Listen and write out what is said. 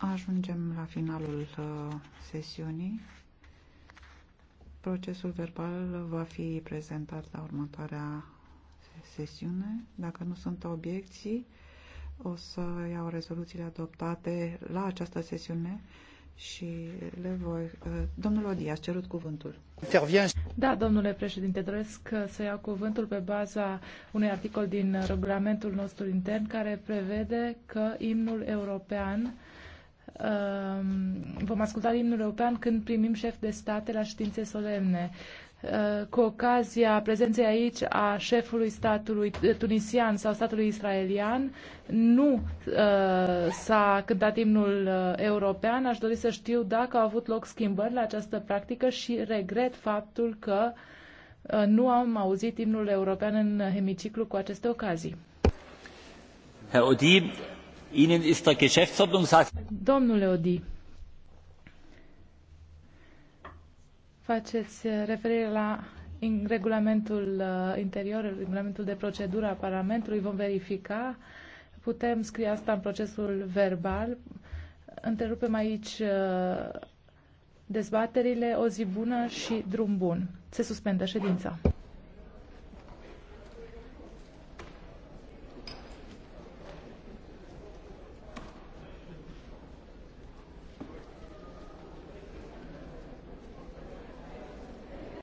Ajungem la finalul uh, sesiunii. Procesul verbal va fi prezentat la următoarea sesiune. Dacă nu sunt obiecții, o să iau rezoluțiile adoptate la această sesiune și le voi... Uh, domnul Odi, ați cerut cuvântul. Da, domnule președinte, doresc uh, să iau cuvântul pe baza unui articol din regulamentul nostru intern care prevede că imnul european Ehm, vom asculta imnul european când primim șef de state la științe solemne. Ehm, cu ocazia prezenței aici a șefului statului tunisian sau statului israelian, nu ehm, s-a cântat imnul european. Aș dori să știu dacă au avut loc schimbări la această practică și regret faptul că nu am auzit imnul european în hemiciclu cu aceste ocazii. Herr Odi, Ihnen ist der Geschäftsordnungssatz. Domnule Odi, faceți eh, referire la în regulamentul eh, interior, regulamentul de procedură a Parlamentului, vom verifica. Putem scrie asta în procesul verbal. Întrerupem aici eh, dezbaterile, o zi bună și drum bun. Se suspendă ședința.